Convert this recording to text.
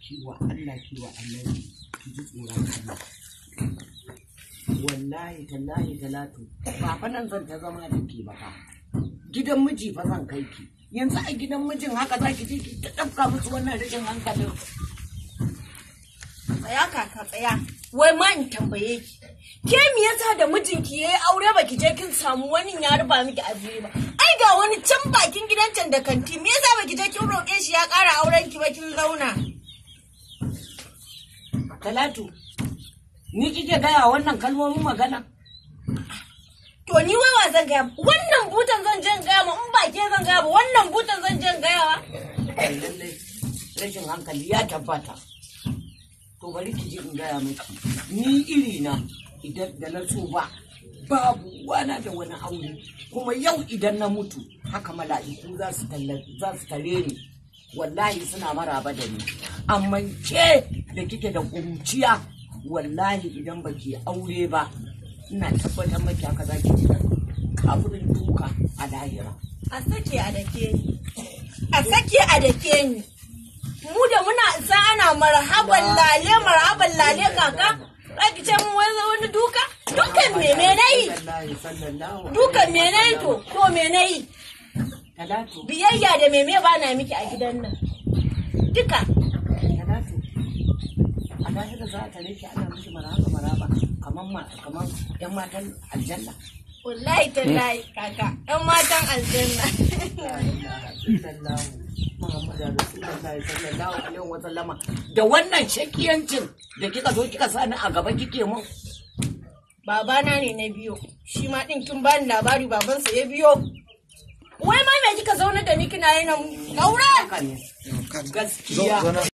kiwa Allah kiwa annabi ki ji tsoron Allah wallahi tallahi talatu ba fa nan zan ta zama da ke ba fa gidan miji fa zan kai ki yanzu a gidan mijin haka zaki je ki ta dafka musu wannan rashin hankalin tsaya kaka tsaya wai ma in tambaye ki ke me yasa da mijinki ya yi aure baki je kin samu wani ya ruba miki asiri ba ai ga wani can bakin gidan can da kanti me yasa kin roƙe shi ya ƙara auren ki ba kin zauna. Talatu, ni kike gaya wannan kalmomin magana? To ni wai wa zan gaya wannan butan zan jan gaya ma in ba ke zan gaya ba wannan butan zan jan gaya wa. Rashin hankali ya tabbata. To bari ki ji in gaya miki. Ni iri na idan da na so ba babu wana da wani aure kuma yau idan na mutu haka mala'iku za su tare ni wallahi suna maraba da ni amma ke da kike da kuruciya wallahi idan baki aure ba ina tabbatar maki haka za ki jira kafin duka a lahira a sake a dake a sake a dake ni mu da muna isa ana marhaban lale marhaban lale kaka za ki ce mun wani duka dukan me me yi? dukan me nayi to ko me yi? biyayya da me me ba na miki a gidan nan duka za a tare ana maraba maraba kamar kamar yan matan aljanna wallahi tallahi kaka yan matan aljanna da wannan shakiyancin da kika zo kika sani a gaba kike mun babana ne na biyo shi ma din kin bani labari babansa ya biyo wai ma me kika zauna da ni kina yana naura gaskiya